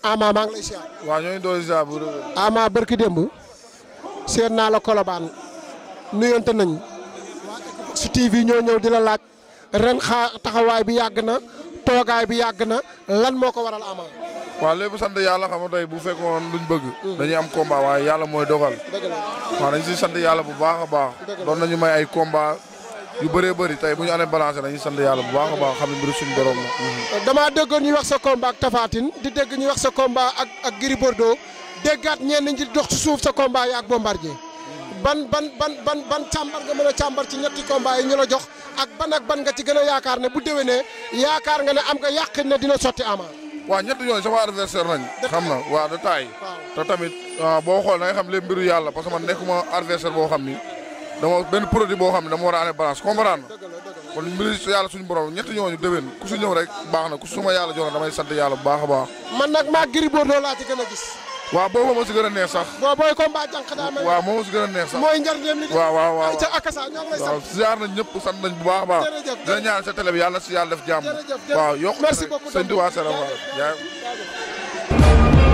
Ama maa ngi lay ziar. waaw ñooñu doon ziar bu rëy. Ama barki démb. seet naa la Colobane. nuyonte nañ su TV ñoo ñëw di la laaj. ren xaa taxawaay bi yàgg na. toogaay bi yàgg na. lan moo ko waral Ama. waa lépp sant yàlla xam nga tey bu fekkoon luñ bëgg. Hmm. dañuy am combat waaye yàlla mooy dogal. dëgg la waaw sant yàlla bu baax baax. doon nañu may ay combat. yu bëree bëri tey bu ñu amee balancé dañuy sant yàlla bu baax a baax xam ne mbiru suñu borom la. damaa déggoon ñuy wax sa combat ak Tapha Tine di dégg ñuy wax sa combat ak ak Gris Bordeaux déggaat ñenn ñi di dox ci suuf sa combat yi ak Bombardier ban ban ban ban ban càmbar nga mën a càmbar ci ñetti combat yi ñu la jox ak ban ak ban nga ci gën a yaakaar ne bu déwénee yaakaar nga ne am nga yàqin ne dina sotti ama waaw ñett ñooñu sama adversaire lañ xam na waaw de taay te tamit ah, boo xool na nga xam lépp mbiru yàlla parce boo xam ni dama benn produit boo xam ne dama war a amee balance comprendre nga kon ministre yàlla suñu borom ñetti ñooñu déwén ku si ñëw rek baax na ku suma yàlla jox damay sant yàlla bu baax baax. man nag maa Gris Bordeaux laa ci gën gis. waaw boobu moo si gën a neex sax. waaw booy combat jànq daa mel. waaw moo si gën a neex sax. waa njëriñam li de. waaw waaw waaw ca akasa ñoo ñëpp sant nañ bu baax a baax. jërëjëf jërëjëf sa télé bi yàlla si yàlla def jàmm. jërëjëf jërëjëf merci beaucoup waa yokk sëñ Tuubaa